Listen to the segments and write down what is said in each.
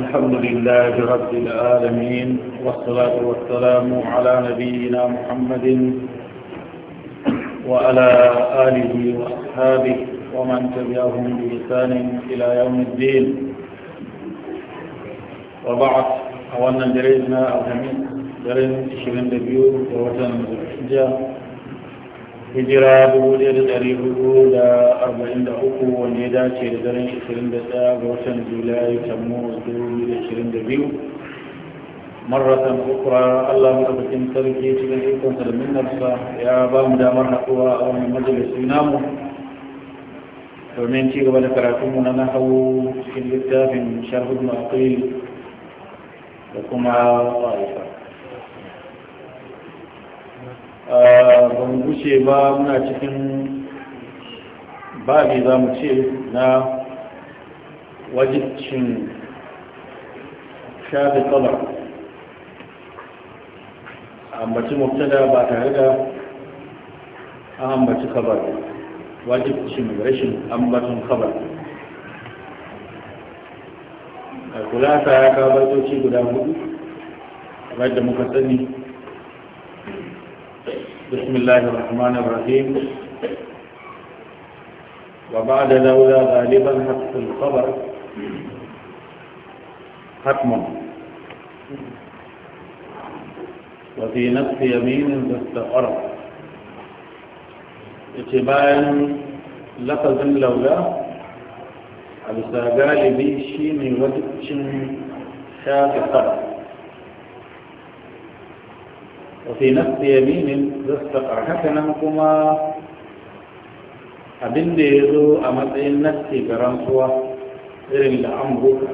الحمد لله رب العالمين والصلاة والسلام على نبينا محمد وعلى آله وأصحابه ومن تبعهم بإحسان إلى يوم الدين وبعد أولنا درينا الخميس درين 22 ووزن الحجة hijira 1443 wanda ya dace da daren 21 ga watan julai da da biyu marratan ukra allah madaukakin sarki cikin ikonsa da minnarsa ya ba mu damar haɗuwa a wani majalisi namu domin ci gaba da karatunmu na nahawu cikin littafin sharhul maqil da kuma ƙwa'ifa ba mu ba muna cikin babi za mu ce na wajibcin shafi tsalar ambaci mubtada ba tare da an ambaci kabar wajibcin rashin ambacin kabar a ta ya kabartoci guda hudu kamar da muka sani بسم الله الرحمن الرحيم وبعد لولا غالبا حق الخبر حتم وفي نفس يمين ضد تستقر اتباعا لفظ لولا أبسا غالبي من وجه شاب الخبر وفي نفس يمين رزقك حسنا كما abin da ya zo a matsayin nasti ga rantsuwa irin da an buka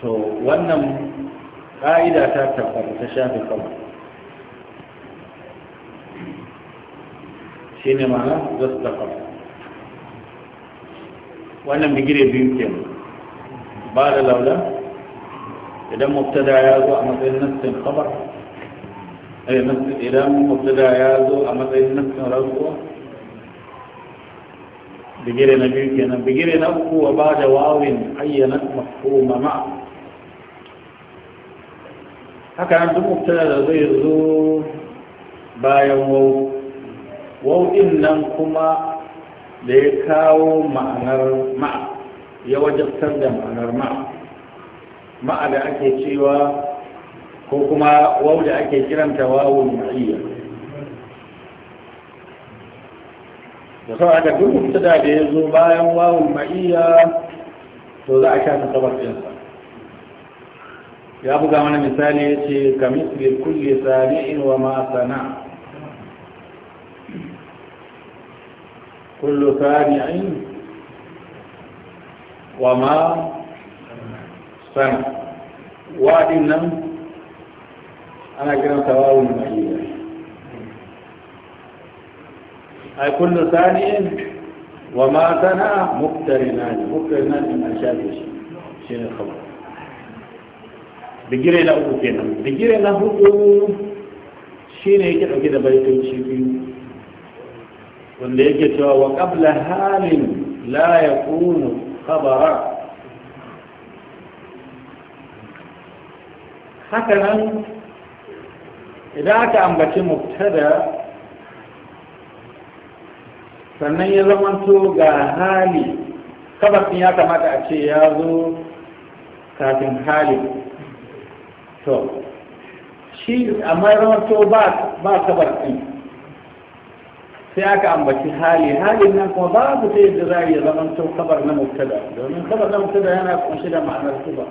to wannan ƙa'ida ta tabbata ta shafi kawai shi ne mana zasu tafa wannan bigire biyu ke ba da laula idan mubtada ya zo a matsayin nassin khabar eh, idan mubtada ya zo a matsayin nassin rantsuwa bigire na biyu kenan bigire na uku wa ba da wawin ayyana mafhuma ma haka nan duk mubtada da zai zo bayan wau wau din nan kuma da ya kawo ma'anar ma ya wajabtar da ma'anar ma ma'a ake cewa ko kuma wau da ake kiranta wawun mu'iyya da sau aka duk mubtada da ya zo bayan wawun ma'iyya to za a sha ta sabar ɗinsa ya buga mana misali ya ce kamis bi kulli sami'in wa ma sana kullu sami'in wa ma sana waɗin nan ana kiran sawawun ma'ida ai kullu sani'in wa ma sana muktarinani ne an shafe shi shi ne kawai bigire na uku kenan bigire na hudu shi ne yake ɗauke da baitoci biyu wanda yake cewa wa qabla halin la yakunu khabara haka nan idan aka ambaci muktada sannan ya zamanto ga hali kabasin ya kamata a ce ya zo kafin hali to shi amma ya zamanto ba kabasin sai aka ambaci hali halin nan kuma babu ta yadda za a iya zamanto kabar na mubtada domin kabar na mubtada yana kunshi da ma'anar ba.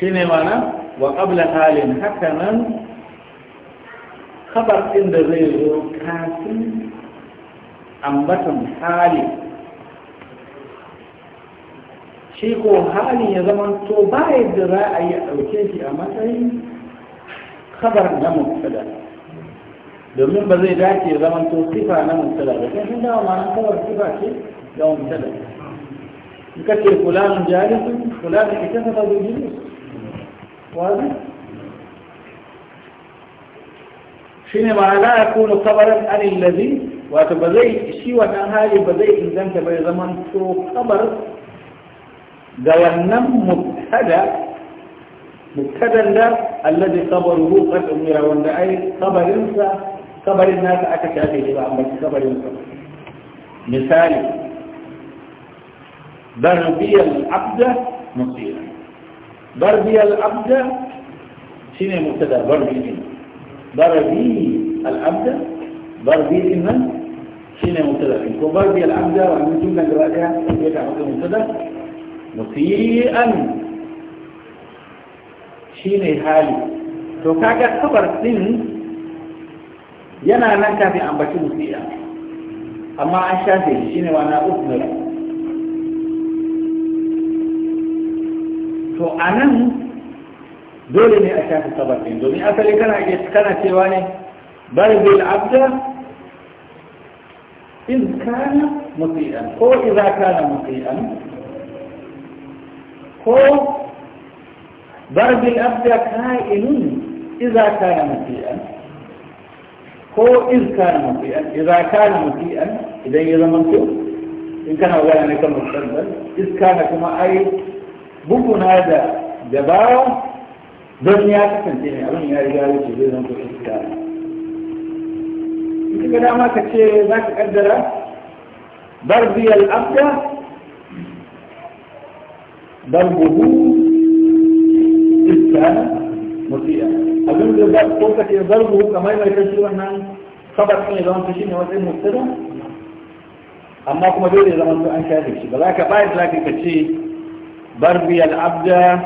shi ne mana wa ƙabla halin haka nan kabar ɗin da zai zo kafin ambatan hali shi ko halin ya zama to ba yadda za a yi a ɗauke shi a matsayin kabar na mubtada domin ba zai dace ya zama to sifa na mubtada da kan shi dawa ma'anar kabar sifa ce ga mubtada in ka ce fulanin jalisun fulanin ita ta zo jilisun واضح شنو معنى يكون خبرا عن الذي وتبذي شيء ونهاي بذي ان زمن تبي زمن تو خبر غيرنا مبتدا مبتدا الذي خبره قد امر وان اي خبر انسى خبر الناس اكتافي لبعض من خبر انسى مثال بربي العبد مصيره barbi al'abda shi ne mubtada barbi din barbi al'abda barbi din nan shi ne mubtada din ko barbi al'abda wannan jumla gaba daya ya ta maka mubtada musian shi ne hali to kaga kabar din yana nan kafin ambaci musi'a amma an shafe shi ne wa na usnura to a nan dole ne a shafi sabar domin asali kana cewa ne bari bil abda in kana musi'an ko iza kana musi'an ko bil abda ka'inun iza kana musi'an ko iz kana musi'an iza kana musi'an idan ya zama to in kana wani kan musamman iz kana kuma ai Bukuna da dabawa don ya kasance ne abin ya riga wuce zai zanto iska ita ga dama ka ce za ka kaddara barbiyal abda buhu iska mutiya abin da za ko ka ce bar buhu kamar mai kashi wannan kabar ne zama shi ne wasu mutsira amma kuma dole zaman an shafe shi ba za ka bayar da za ka ce barri al'abda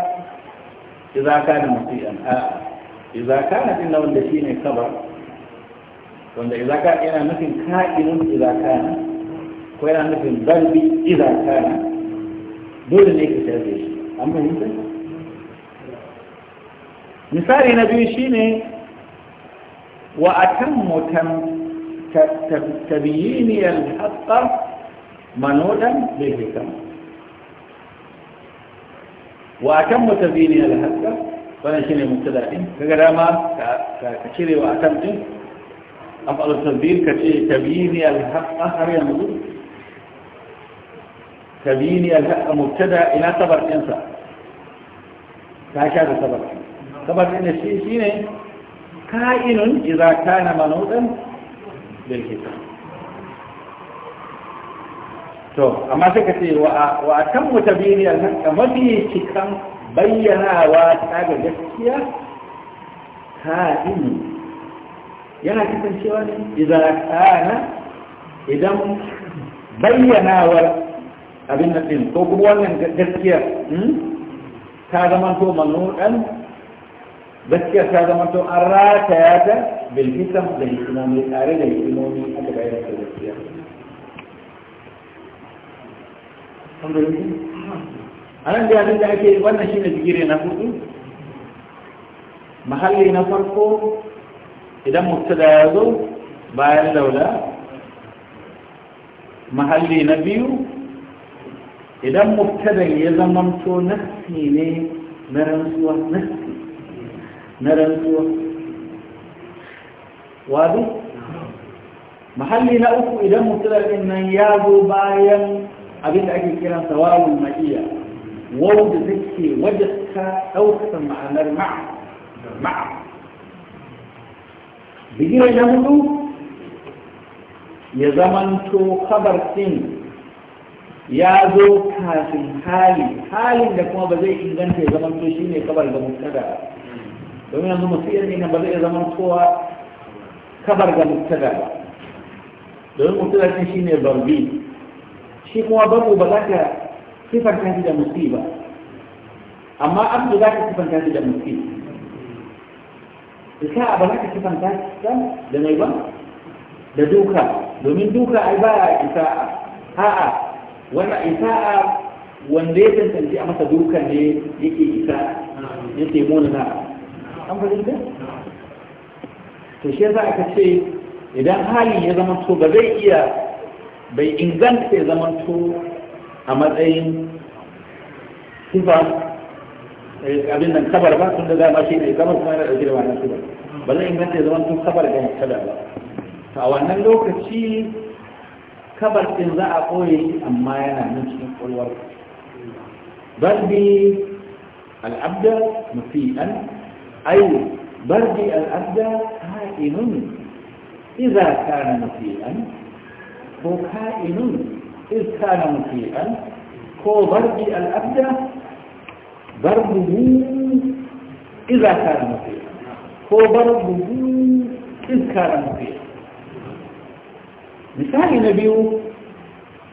iza kana musiyan a'a iza kana din wanda shine kabar wanda iza kana yana nufin ka'inun iza kana ko yana nufin barbi iza kana dole ne ka tarbe shi an fahimta misali na biyu shine wa atammu tabyini al-haqqa manodan bil hikam wa kan mutabini alhaqa wannan mutu mubtada Ka kaga dama ka cire wa kan din afal tabil ka ce tabini alhaqa har yanzu tabini mutu mubtada ina sabar ɗinsa. Ta sha da sabar sabar din shi ne ka'inun idza kana manudan bil to amma sai ka ce wa a kan nan a mafi cikan bayyanawa ta ga gaskiya ta ini yana kasancewa ne idan kana idan bayyanawar abin da ɗin ko kuma wannan hmm, gaskiya ta zama to manuɗan gaskiya ta zama to an rataya ta bilkisan da hikimomi tare da hikimomi aka bayar da gaskiya a nan da da ake wannan shi ne digiri na hudu mahalli na farko idan mubtada ya zo bayan laula mahalli na biyu idan mubtadan ya zamanto nassi ne na rantsuwa nassi na rantsuwa wadu mahalli na uku idan mubtada din nan ya zo bayan abin da ake kira sawawun ma'iya wanda da take wadda ta ɗaukaka ma'anar ma'a ma'a bigiran na hudu ya zamanto kabar din ya zo kafin hali halin da kuma ba zai inganta ya zamanto shi ne kabar ga muktada domin yanzu musiyar ne ba zai zamantowa kabar ga muktada ba domin muktada shi ne barbi shi kuma babu ba za ka sifanta shi da musi ba amma abdu za ka sifanta shi da musi isa ba za ka sifanta shi da mai ba da duka domin duka ai ba isa'a a'a wannan isa'a wanda ya tantance a masa duka ne yake isa ce mona na an fahimta to shi yasa aka ce idan hali ya zama so ba zai iya bai inganta ya zamanto a matsayin sifa abin nan kabar ba tun da dama shi ne zama kuma yana ɗauke da wannan sifa ba zai inganta ya zamanto kabar ga mubtada ba to a wannan lokaci kabar ɗin za a ɓoye shi amma yana nan cikin ƙwarwar barbi al'abda mafi'an ayu barbi al'abda ha'inun إذا كان مسيئا كائن إذ كان مسيئا هو ضرب الأبدى ضربه إذا كان مسيئا هو ضربه إذ كان مسيئا مثال نبيه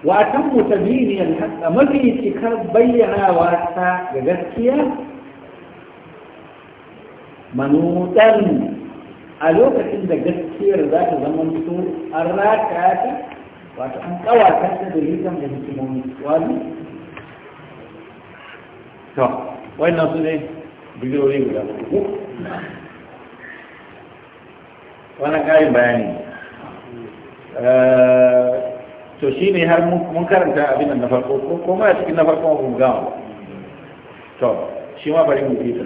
وأتم تبيني الحق ما في اتكاب بيعنا واسا جدكيا منوطا ألوك عند جدكير ذات زمن سوء الراكات wato an kawatar da dalilan da hikimomi wani to na su ne bidiyoyi guda uku wani ƙarin bayani eh, to shi ne har mun karanta abin na farko ko ma a cikin na farko mun gama to shi ma bari mu bi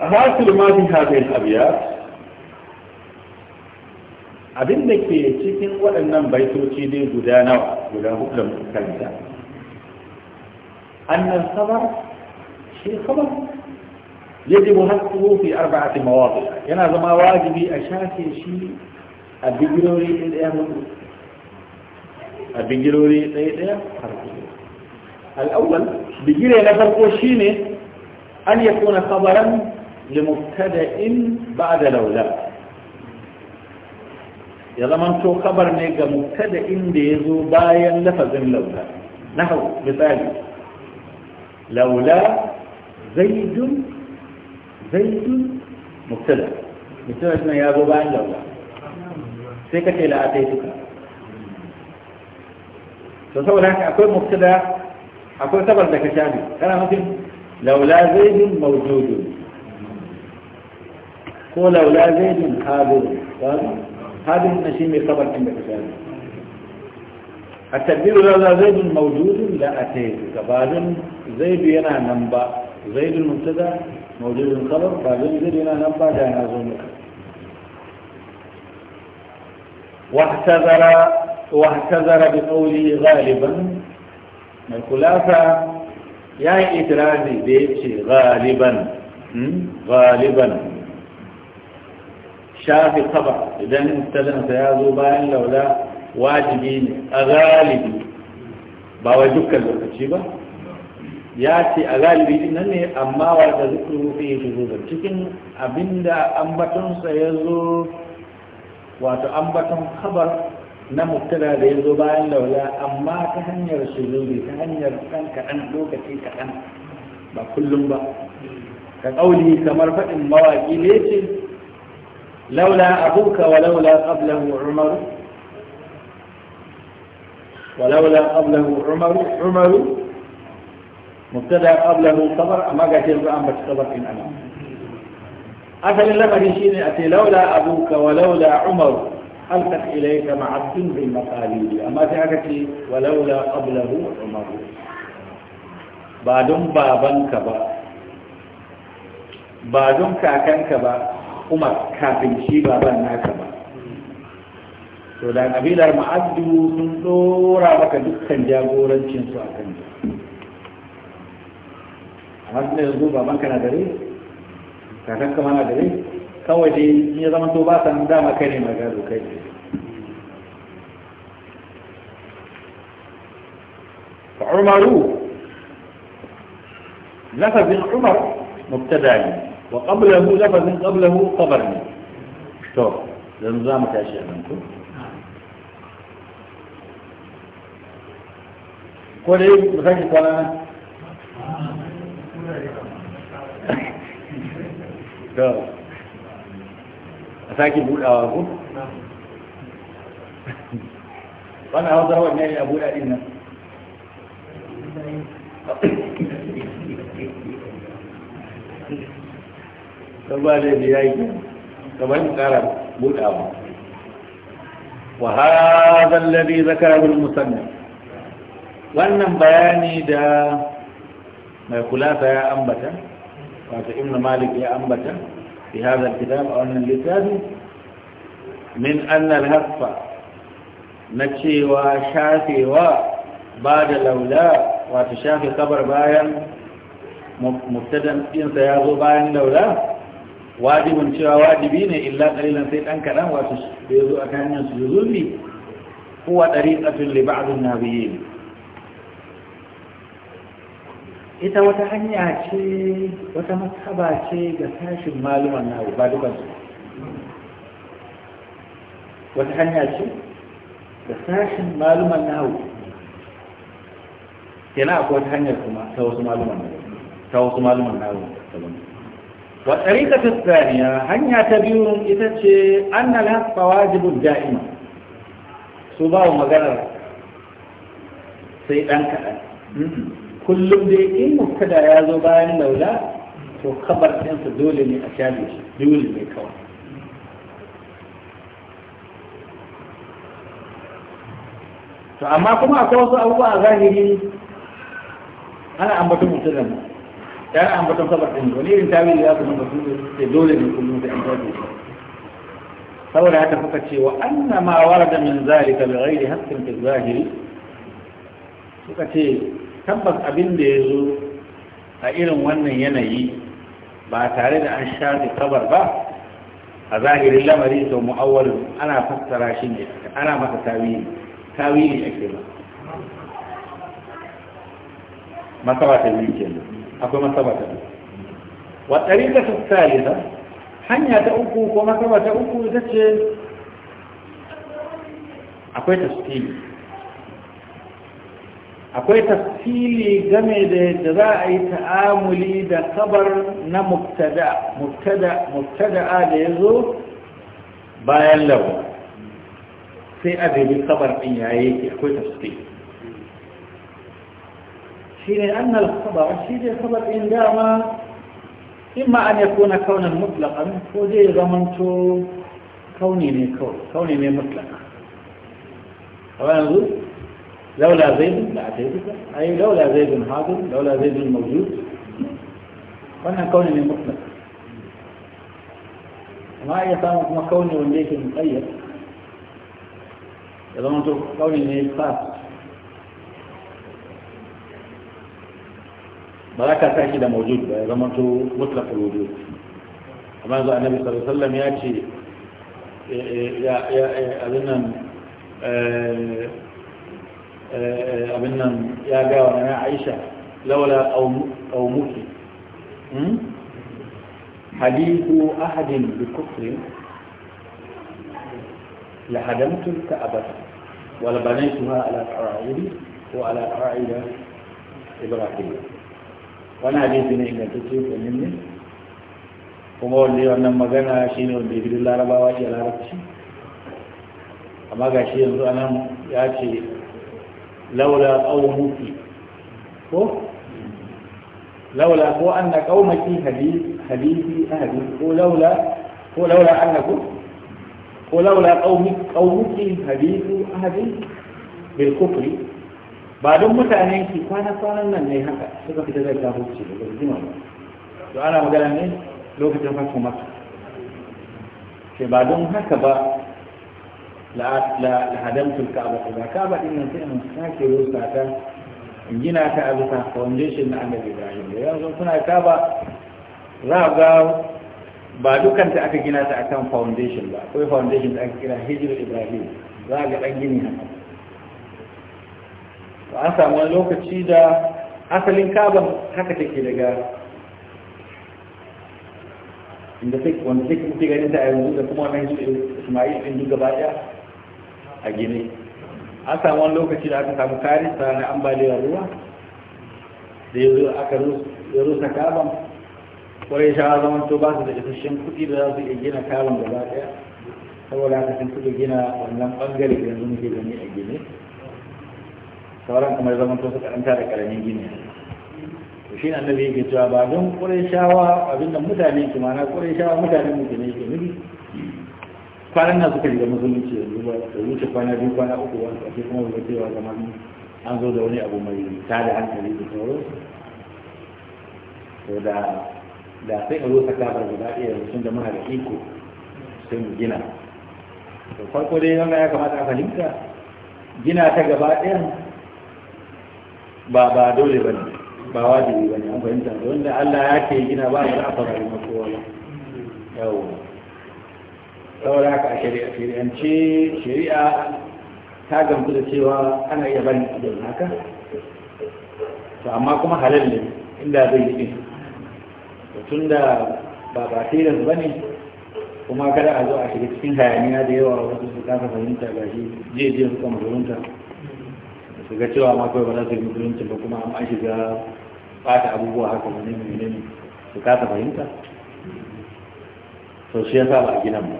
ta hasil ma fi hadhihi al-abyat abin da ke cikin waɗannan baitoci dai guda nawa guda hudu da muka karanta annan sabar shi khabar yajib hasbuhu fi arba'ati mawadi yana zama wajibi a shafe shi a bigirori ɗaya mutu a bigirori ɗaya ɗaya farko al'awwal bigire na farko shine an yakuna khabaran li mubtada'in ba'da lawla ya zamanto kabar ne ga mubtada inda ya zo bayan lafazin laula nahau misali laula zaidun zaidun mubtada mubtada shi ya zo bayan laula sai ka ce la ataituka to saboda haka akwai mubtada akwai kabar da ka shafi kana nufin laula zaidun mawjudun ko laula zaidun hadirun هذا النسيم يعتبر عندك ثابت التقدير هذا زيد موجود لا أتيت فبعدين زيد ينا ننبا زيد المبتدا موجود الخبر بعدين زيد ينا ننبا جانا زومك واعتذر واعتذر بقوله غالبا الخلافة يا إدراجي بيتشي غالبا غالبا shafi kaba idan mustadinsa ya zo bayan laula wajibi ne a galibi ba wa dukkan lokaci ba ya ce a galibi nan ne amma rufe ya zo da cikin abinda ambatonsa ya zo wato ambaton kabar na mubtada da ya zo bayan laula amma ta hanyar shuhuda ta hanyar ɗan kaɗan lokaci kaɗan ba kullum ba ka ƙauli kamar faɗin mawaƙi ne ce لولا أبوك ولولا قبله عمر ولولا قبله عمر عمر مبتدا قبله خبر أما قاتل بأن بس خبر إن أنا افل لما يشيني أتي لولا أبوك ولولا عمر ألتق إليك مع الدين بالمقاليد أما تعرفي ولولا قبله عمر بعدم بابنك با بعدم كاكنك با Kuma kafin shi baban naka ba to da kabilar ma'addu sun dora maka dukkan jagorancinsu a kan amma tun da yanzu baban kana dare kakan kama na dare kawai dai in ya zama to ba san dama kai ne gado kai umaru lafazin umar مبتدا ne wa qablahu lafazin qablahu khabar ne to za mu tashi a nan ko ko dai mu sake kwana nan to a ne don ba zai biya yi kamar kara buɗawa wa hadha alladhi zakara bil musannaf wannan bayani da mai kulasa ya ambata wato ibnu malik ya ambata fi hadha alkitab aw annal litabi min anna alhaqqa na cewa shafewa ba da laula wato shafe kabar bayan mubtadan ɗinsa ya zo bayan laula wajibin cewa wajibi ne illa qalilan sai dan kadan wato da yazo a kan nan su zulmi huwa tariqatun li ba'd an-nabiyyin ita wata hanya ce wata mataba ce ga sashin maluman nawo ba dukan su wata hanya ce ga sashin maluman nawo kenan akwai wata hanyar kuma ta wasu maluman nawo ta wasu maluman nawo wa tariqa tsaniya hanya ta biyu ita ce annal haqqa wajibu da'ima su ba mu sai dan ka kullum dai in mutada ya zo bayan daula to kabar din dole ne a tsaye dole ne ka to amma kuma akwai wasu abubuwa zahiri ana ambatun mutum ta na ambaton sabar din wani irin tawili za su nuna su ce dole ne kullum da an zaɓe shi saboda haka suka ce wa anna ma warada min zalika bi ghairi haqqin fi zahiri suka ce tabbas abin da ya zo a irin wannan yanayi ba tare da an shafi kabar ba a zahirin lamari to mu'awwalin ana fassara shi ne ana masa tawili tawili ake ba masaba ta biyu kenan akwai masaba ta wa tariqa salisa hanya ta uku ko masaba ta uku ita ce akwai ta tafsiri akwai tafsiri game da yadda za a yi ta'amuli da kabar na mubtada mubtada 'a da yazo bayan lau. sai a dabi kabar din yayi akwai tafsiri حين أن الخبر الشيء الخبر إن دعما إما أن يكون كونا مطلقا وزي ضمنت كوني من كون كوني من مطلقا طبعا نقول لولا زيد لا زيد أي لولا زيد حاضر لولا زيد موجود وأنا كوني من مطلق ما هي ما كوني من وليك مقيد إذا ما كوني من خاص ba za ka sa shi da mawujud ba ya zama to mutlaqul wujud amma yanzu annabi sallallahu alaihi wasallam ya ce ya ya abin nan abin nan ya ga wa na Aisha laula aw muki hadithu ahadin bi kufri la hadamtu ka abada wal banaytuha ala qa'idi wa ala qa'ida ibrahim wani hadisi ne ingantacce ko ne kuma wanda wannan magana shi ne wanda ibirin larabawa ke larabci amma ga shi yanzu anan ya ce laula ƙaunuki ko laula ko an na ƙaunaki hadisi a hadisi ko laula ko laula an na ko laula ƙaunuki hadisi a hadisi bil kufri ba don mutane ki kwana kwanan nan ne haka suka fita daga gabuci da jima ba to ana magana ne lokacin farko maka sai ba don haka ba la hadamtul ka'aba ba ka'aba din nan sai mun sake rusa ta in gina ta a bisa foundation na annabi Ibrahim da yanzu suna ka'aba za ga ba dukkan ta aka gina ta akan foundation ba akwai foundation da aka kira hijr Ibrahim za ga dan gini haka To an samu wani lokaci da asalin kaban haka take daga inda take wanda take muke ganin ta a yanzu da kuma wannan shi Ismail din duk baya a gine an samu wani lokaci da aka samu karisa na ambaliyar ruwa da yanzu aka rusa kaban kwarai shawa zaman to ba su da isasshen kuɗi da za su iya gina kaban gaba ɗaya saboda haka sun kudu gina wannan bangare da yanzu muke gani a gine sauran kamar zaman to suka ɗan tara ƙaramin gini to shi nabi yake cewa ba don ƙurayshawa abinda mutane ke mana ƙurayshawa mutane muke ne yake kwanan na suka riga musulunci yanzu ba da wuce kwana biyu kwana uku wani ƙarshe kuma ba cewa kamar an zo da wani abu mai da hankali da sauro to da da sai a rusa kafar guda ɗaya sun da muna da iko sun gina to farko dai wannan ya kamata a fahimta gina ta gaba ɗaya ba ba dole ba ne ba wajibi ba ne an fahimta da wanda Allah ya ke gina ba ya a fara ma kowa ba yawo saboda haka a shari'a shari'ance shari'a ta gamsu da cewa ana iya barin abin haka to amma kuma halal ne inda zai yi Da tun da ba ba tilas ba ne kuma kada a zo a shiga cikin hayaniya da yawa wasu su kasa fahimta ga shi je je kama musulunta su ga cewa ma kawai ba za su yi mutuncin ba kuma an shiga fata abubuwa haka wani ne ne su kasa fahimta to shi yasa ba a gina ba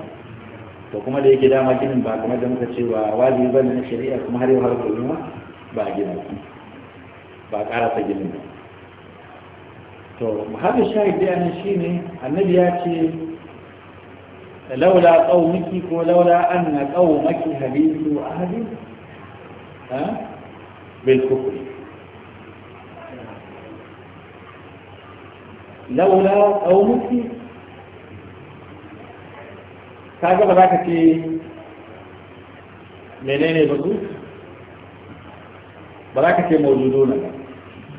to kuma da yake dama ginin ba kamar da muka ce ba wajibi ba na shari'a kuma har yau har gobe ma ba a gina ba a karasa ginin ba to muhammad shahid da yana shi ne annabi ya ce laula qaumiki ko laula anna qaumaki habibu ahadin ha بالكفر لولا أو مكي kaga ba za ka menene ba su ba za ka ce maujudu na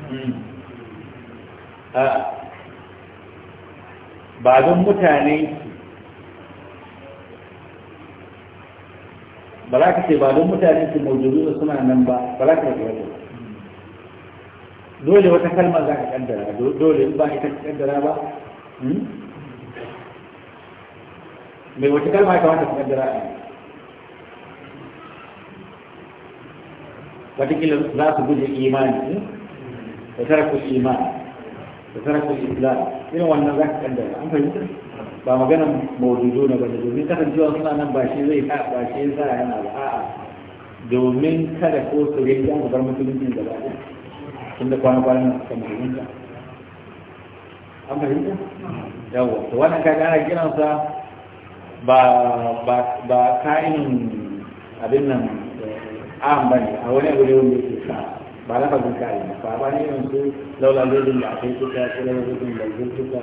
hmm. ba don mutane ba za ka ce ba don mutane su maujudu suna nan ba ba za ka ce wata dole wata kalma za ka kaddara dole ba ka kaddara ba hmm? mai wata kalma ka wata ka kaddara a watakila za su guje imani hmm? da tarakul imani da tarakul islam irin wannan za ka kaddara an fahimta ba magana maududu na bane domin jiwa suna nan ba shi zai ka ba shi sa yana ba a'a domin kada ko su ga yan bar musulunci da ba tun da kwana kwana ka musulunta an fahimta yawa to wannan kaga ana kiransa ba ba ba ka'in abin nan eh, an bane a wani abu ne wanda yake sa ba na fagin ka'in ba ba ne yanzu laula lulun da akai kuka ko laula lulun da zuwa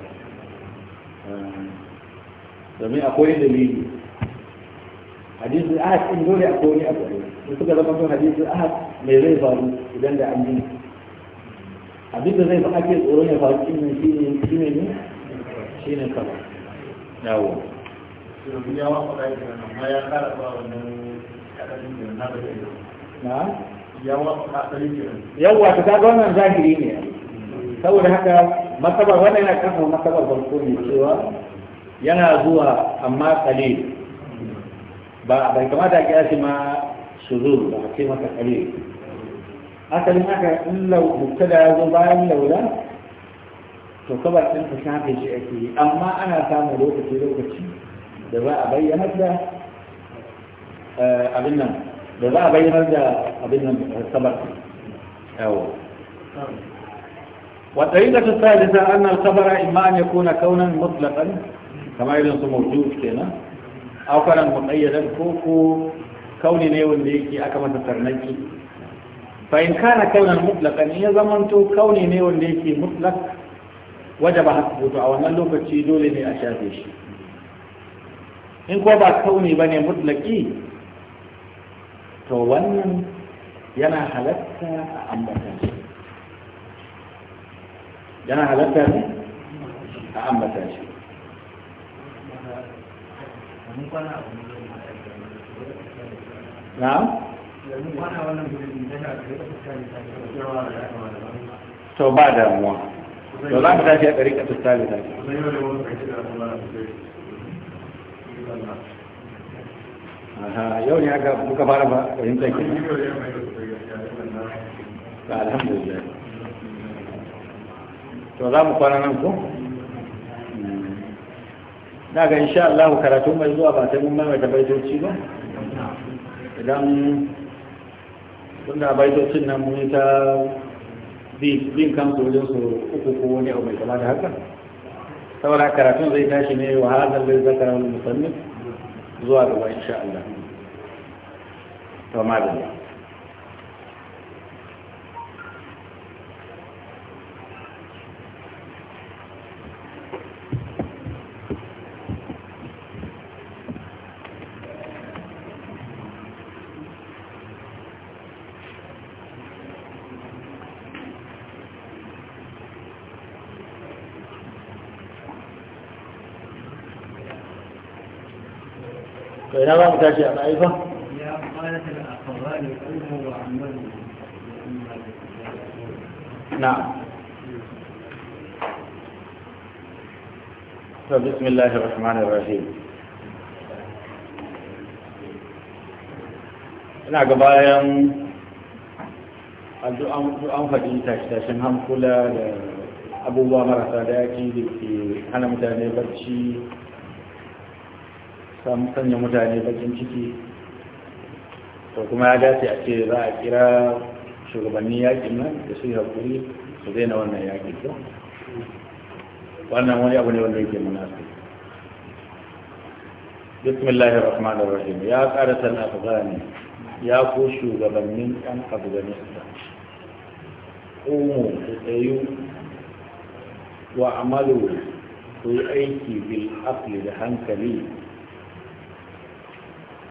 domin akwai dalili a ahad in dole akwai wani da suka zama ahad mai zai faru idan da an yi abin da zai fa ake tsoron ya faru shi ne shi ne ne shi ne yawo ya ya wannan yawa ta kaga wannan zahiri ne hmm. saboda haka masabar wannan yana kafa masabar farko ne cewa yana zuwa amma kalil ba bai kamata ki kira ma shuzur ba a ce masa kalil asalin haka in mubtada ya zo bayan laula to kabar ɗin ka shafe shi ake amma ana samun lokaci lokaci da za a bayyana da abin nan da za a bayyana da abin nan kabar yawo والطريقة الثالثة أن الخبر إما أن يكون كونا مطلقا kamar irin su mawjud kenan aw kana muqayyadan ko ko kauni ne wanda yake aka masa tarnaki fa in kana kaunan mutlaqan ya to kauni ne wanda yake mutlaq wajaba to a wannan lokaci dole ne a shafe shi in ko ba kauni bane mutlaqi to wannan yana halatta a ambata yana halatta ne a ambata shi na? to ba damuwa to za mu ɗari ƙasar talita yau ne aka muka fara ba alhamdulillah to za mu kwana nan ko? na ga insha Allah karatun mai zuwa ba ta mun mai da baitoci ba idan tunda baitocin nan mun ta bin kansu wajen su uku ko wani abu mai kama da haka saboda karatun zai tashi ne wa hadal zai zakara wani musannif zuwa gaba insha Allah to madalla tashi a rayu ba نعم بسم الله الرحمن الرحيم ina ga bayan an faɗi tashe-tashen hankula da abubuwa marasa da yaki da ke hana mutane barci samun sanya mutane bakin ciki to kuma ya dace a ce za a kira shugabannin yakin nan da su yi haƙuri su daina wannan yakin to wannan wani abu ne wanda yake su. bismillahi rahmanir rahim ya san afghani ya ko shugabannin yan afghanistan umu ku tsayu wa amalu ku yi aiki bil da hankali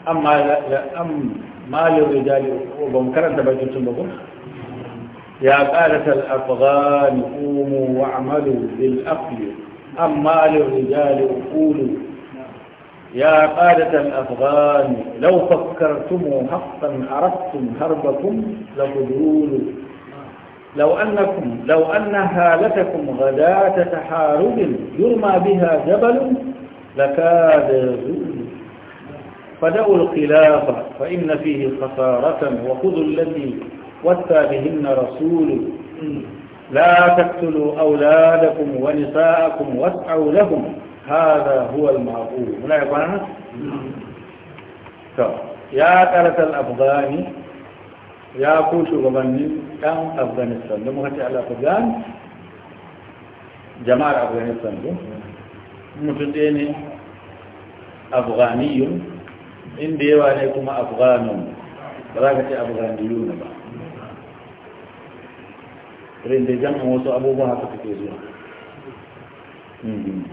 أم ما للرجال وبمكرن تبجتن بكم يا قالة الأفغان قوموا واعملوا بالأقل أما للرجال قولوا يا قادة الأفغان لو فكرتم حقا عرفتم هربكم لقدرون لو أنكم لو أن هالتكم غداة تحارب يرمى بها جبل لكاد زوج فدعوا الخلاف فإن فيه خسارة وخذوا الذي وثى بهن رسول لا تقتلوا أولادكم ونساءكم واسعوا لهم هذا هو المعقول هنا يا إخوانا يا قالة الأفغاني يا كوشو غبني كان أفغانستان لما هتي على أفغان جمال أفغانستان mutum ɗaya أفغاني In inda yawa ne kuma afghanin ba za ka ce afghaniyu ne ba irin da wasu abubuwa haka suke zuwa mm-hmm.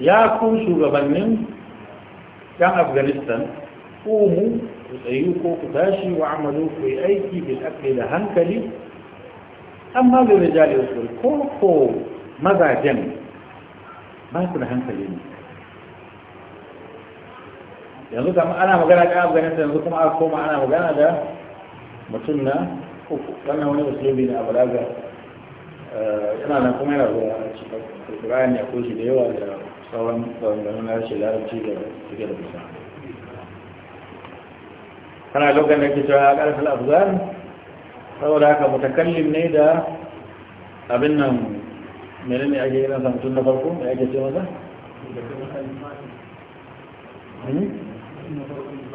ya ku shugabannin 'yan afghanistan ko mu ku tsayi ko ku tashi wa amalu ku yi aiki bil da hankali amma bai rijali wasu ko ko mazajen ba su da hankali ne yanzu kama ana magana kan afghanistan yanzu kuma a koma ana magana da mutum na uku wannan wani musulmi na daga eh, yana nan kuma yana zuwa a cikin ne a koshi da yawa da sauran tsaron na rashin larabci da suke da kusa kana lokacin da ke cewa ƙarfin afghan saboda haka mutakallim ne da abin nan mere ne ake irin samtun na farko da ake ce maza? Hmm?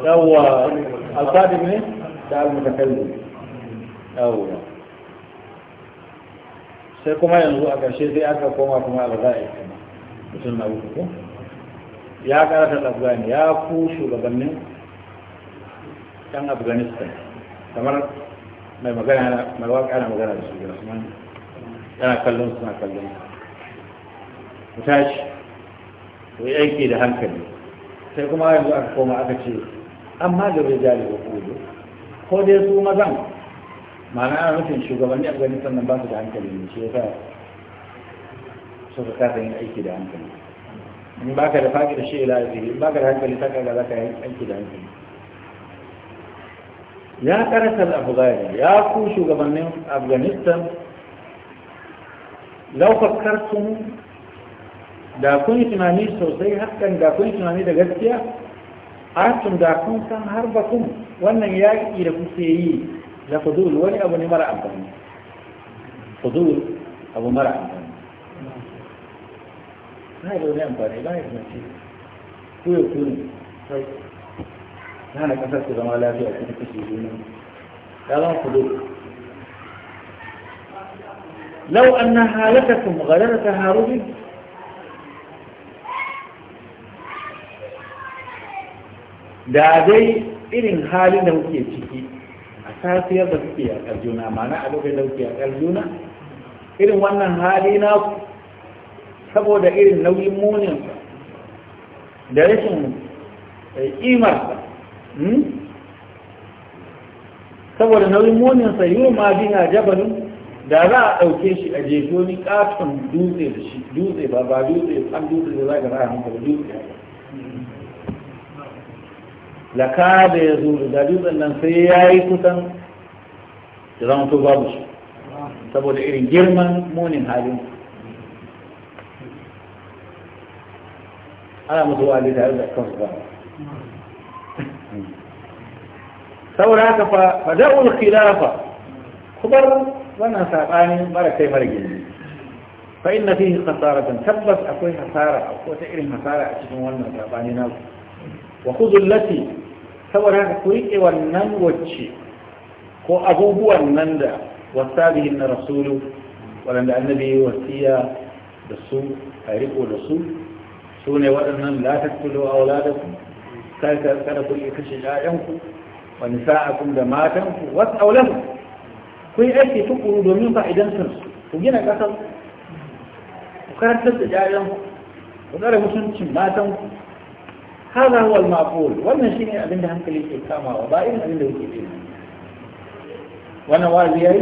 yawwa alfadin ne da al-mutakallim yawwa sai kuma yanzu a ƙarshe sai aka koma kuma alzai mutum na uku ko ya karata afghani ya ku shugabannin yan afghanistan kamar mai magana mai waƙa ana magana da su gina su yana kallon suna kallon ku tashi ku yi aiki da hankali sai kuma a yanzu aka koma aka ce amma da rijali wa kudu ko dai su mazan ma'ana ana nufin shugabanni a ganin sannan ba su da hankali ne shi yasa suka kasa yin aiki da hankali in baka da faƙi da shi ila zai baka da hankali ta kaga za ka yi aiki da hankali ya karatar afghani ya ku shugabannin afghanistan laukakar sun da kun yi tunani sosai hakan da kun yi tunani da gaskiya tun da kun san har kun wannan yaƙi da kuke yi da fudul wani abu ne mara amfani fudul abu mara amfani ba ya da wani amfani ba ya da mace ku ya ta na ƙasar su zama lafiya cikin kashe juna ya zama kudu lau an na halakatun gharar ta harubi da dai irin halin da kuke ciki a safiyar da kuke yaƙar juna mana a lokacin da kuke yaƙar juna irin wannan hali na saboda irin nauyin munin da rashin ƙimarsa eh, Hmm? saboda nauyin munin sa yi ma biha jabalin da za a ɗauke shi a jeji wani ƙaton dutse da shi dutse ba ba dutse an dutse da za ka raya hankali dutse laka da ya zo da dutsen nan sai ya yi kusan da zama to babu shi saboda irin girman munin halin ana musu wa'adi tare da kansu ba saboda haka fa fada'ul khilafa kubar wannan sabanin mara kai mara gindi fa inna fihi khasaratan tabbas akwai hasara akwai ta irin hasara a cikin wannan sabani na wa khudhu lati saboda haka ku rike wannan wacce ko abubuwan nan da wasabihin na rasulu waɗanda annabi ya wasiya da su a riko da su su ne waɗannan la tattalo a wala da ku kada ku kashe 'ya'yanku ونساءكم لما تنفوا واسأوا لهم كي أشي تقولوا دومين فائدا سنس فجينا قصر وكانت تلت جائلا وقالوا سنس شنو ماتوا. هذا هو المعقول ومن شيء أبنده هم كلي إكاما وبائل أبنده كيفين ونوازي أي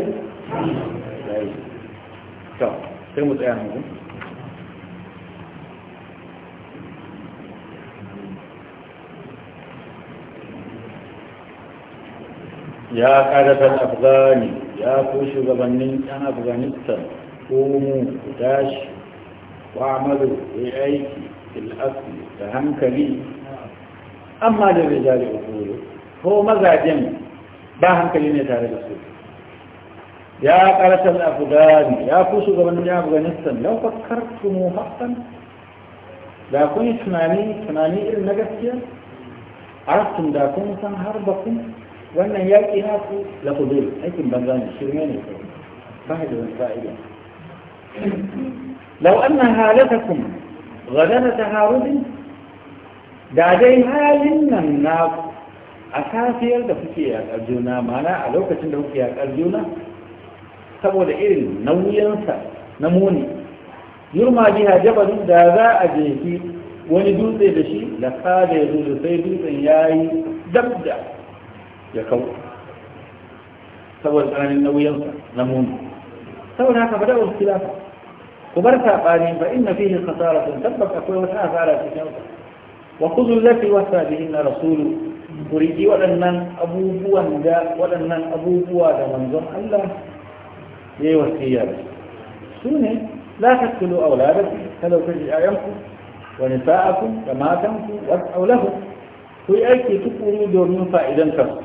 وأنا شو سلموا تأيانكم ya ƙarfin afghani ya ko shugabannin yan afghanistan komu ku tashi ku amalu ku yi aiki filasli da hankali amma da rijali ukuru ko mazajen ba hankali ne tare da su ya ƙarfin afghani ya ko shugabannin yan afghanistan lau fakartu mu haƙƙan da kun yi tunani irin na gaskiya arastun da kun san harba kun wannan yaƙi na ku la aikin banza ne shirme ne ba da wani fa'ida law anna halatakum ghadana taharudin da dai halin nan na a safiyar da kuke yaƙar juna mana a lokacin da kuke yaƙar juna saboda irin nauyinsa na muni yurma biha jabalin da za a jefi wani dutse da shi da kada ya zo sai dutsen yayi dab da ya kawo saboda tsananin nauyinsa na muni saboda haka bada wasu kilafa ku bar saɓani ba inna fihi khasaratun tabbas akwai wata asara cikin wa khudhu allati wasa bihi rasulu ku riƙi waɗannan abubuwan da waɗannan abubuwa da manzon Allah ya yi wasiya da su ne la tattalo auladakum kada ku ji Wani wa nisa'akum da matanku wa aulakum ku yi aiki tukuru domin fa'idan kansu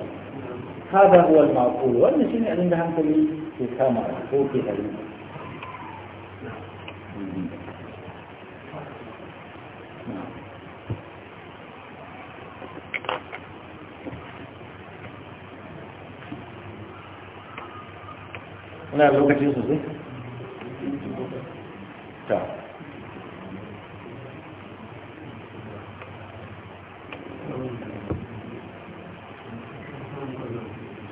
هذا هو المعقول والمسلم يعني لهم كل في كامل في هذه Una lokaci sosai? Ta.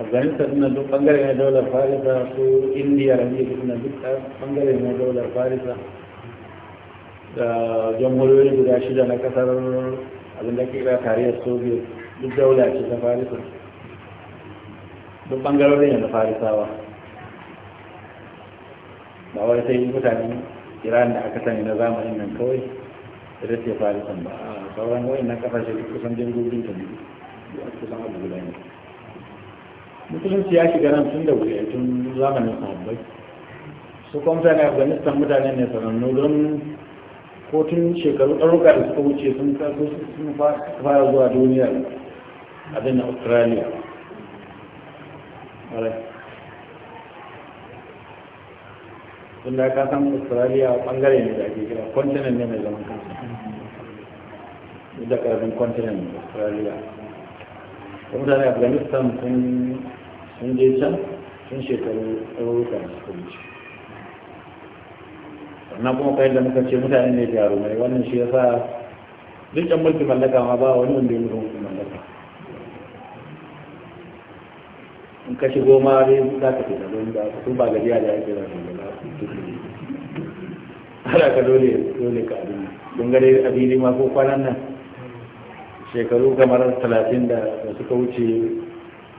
afghanistan suna duk bangare na daular farisa ko indiya amerika suna duk bangare na daular farisa da jamhuriyoyi guda shida na kasar abin da kira kariyar soviet duk daula ce ta farisa duk bangarorin yana farisawa ba wai sai mutane iran da aka sani na zamanin nan kawai da ce farisan ba a sauran wa'in na kasashe kusan jirgin ta ne kusan abu guda ne musulunci ya shiga nan tun da wuri tun zamanin sahabbai su kuma mutane afghanistan mutane ne sanannu don kotun shekaru ɗaruka da suka wuce sun kaso sun fara zuwa duniya a na australia tun da ka san australia bangare ne da ake kira kwantinan ne mai zaman kansu da ƙarfin kwantinan australia kuma mutane afghanistan sun sun je can sun shekaru ɗaruruka da suka wuce sannan kuma kayan da muka ce mutane ne jarumai wannan shi ya sa duk can mulki mallaka ma ba wani wanda ya mutu mallaka in ka shigo ma dai za ka fi zaɓen da su ba gajiya da ake zaɓen da su haraka ka dole dole ka abin don gare abili ma ko kwanan nan shekaru kamar talatin da suka wuce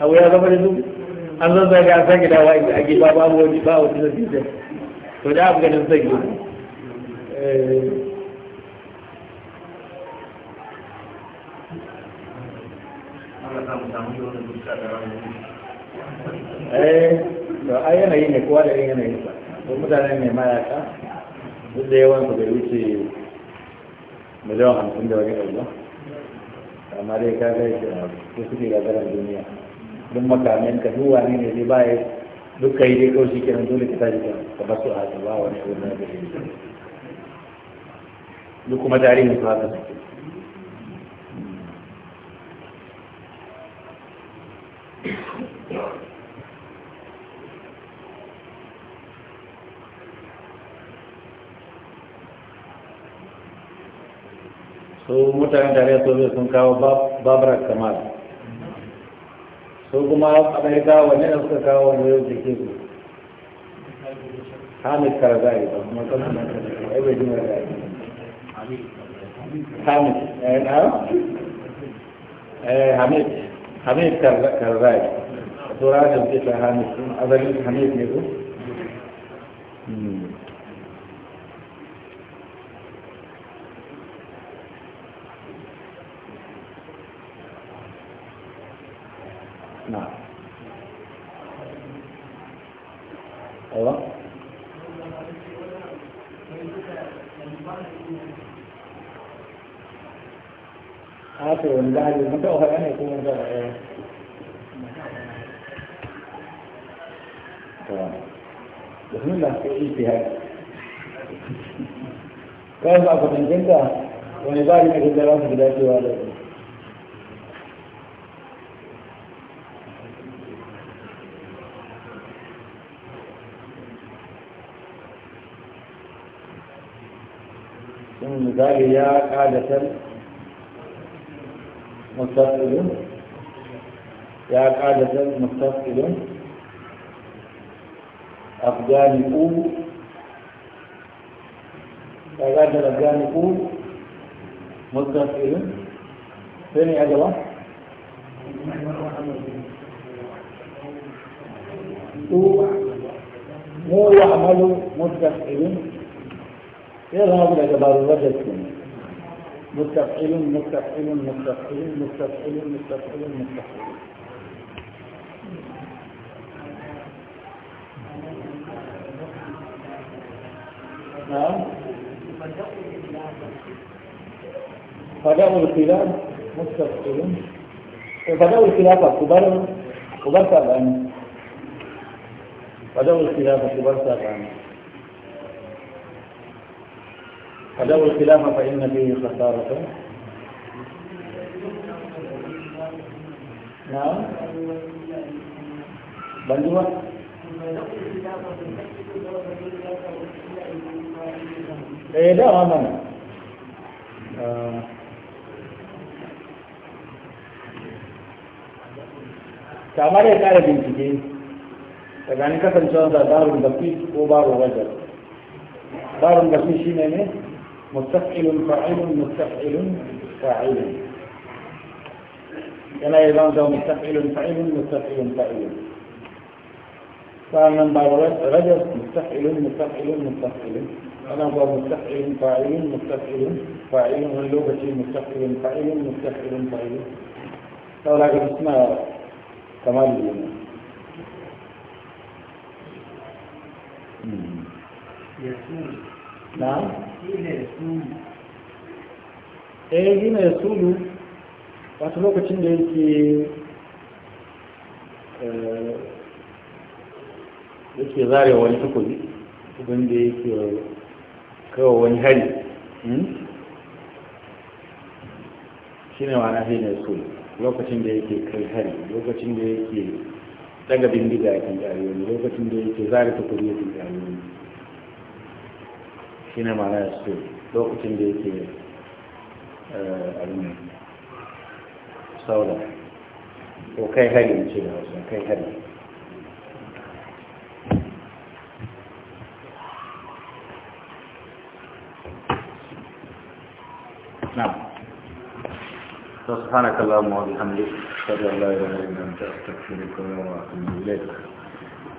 abu ya zama da su an zan zaga an sake wa'in da ake babu babu wani ba wani zafi fiye to da abu ganin sake eh to ai yanayi ne kowa da yanayin sa ko mutane ne mayaka duk da yawan su bai wuce miliyan hamsin da wani ɗari amma dai ka gaishe shi a suke gagarar duniya duk makamin ka duk wani ne zai baya duk kai dai kawai shi kenan dole ka tashi ka basu a ba wani abu na gari duk kuma tarihin su haka suke su mutanen tare soviet sun kawo babura kamar su kuma amerika wani da suka kawo wani yau jike su hamid karzai ba kuma kasu na karzai bai ji mara daji hamid eh, eh hamid hamid karzai tura da suke hamid azalin hamid ne ko wani zahari mun taɓa faɗa ne eh. da sun da suka متصل يا قاعدة متصل أفغاني أول قاعدة الأفغاني أول متصل ثاني عجلة مو يعملوا متصل يذهب إلى جبال الرجل متفعل متفعل متفعل متفعل متفعل متفعل نعم فداء الخلاف مستفعل فداء الخلاف كبار كبار تابعين فداء الخلاف كبار تابعين فلو الخلاف فإن فيه خسارة نعم بندوة eh dawa mana kamar ya kara bincike tsakanin kasancewar da darun da ko baro wajen darun da shi ne ne مستفعل فاعل مستفعل فاعل كما يعني يلزم مستفعل فاعل مستفعل فاعل فمن بعد رجل مستفعل مستفعل مستفعل أنا هو مستفعل فاعل مستفعل فاعل واللغة مستفعل فاعل مستفعل فاعل فولاك اسمها كمال اليوم يسير نعم eh hina ya sulu wata lokacin da yake eh, yake zare wani tukuri wanda yake kawo wani hari hmm? shi ne wani hina ya sulu lokacin da yake kai hari lokacin da yake daga bindiga ya kan jari lokacin da yake zare tukuli ya kan jari shi ne mana ya ce lokacin da yake eh, abin saula ko kai hari ce da wasu kai hari نعم سبحانك اللهم وبحمدك اشهد ان لا اله الا انت استغفرك واتوب اليك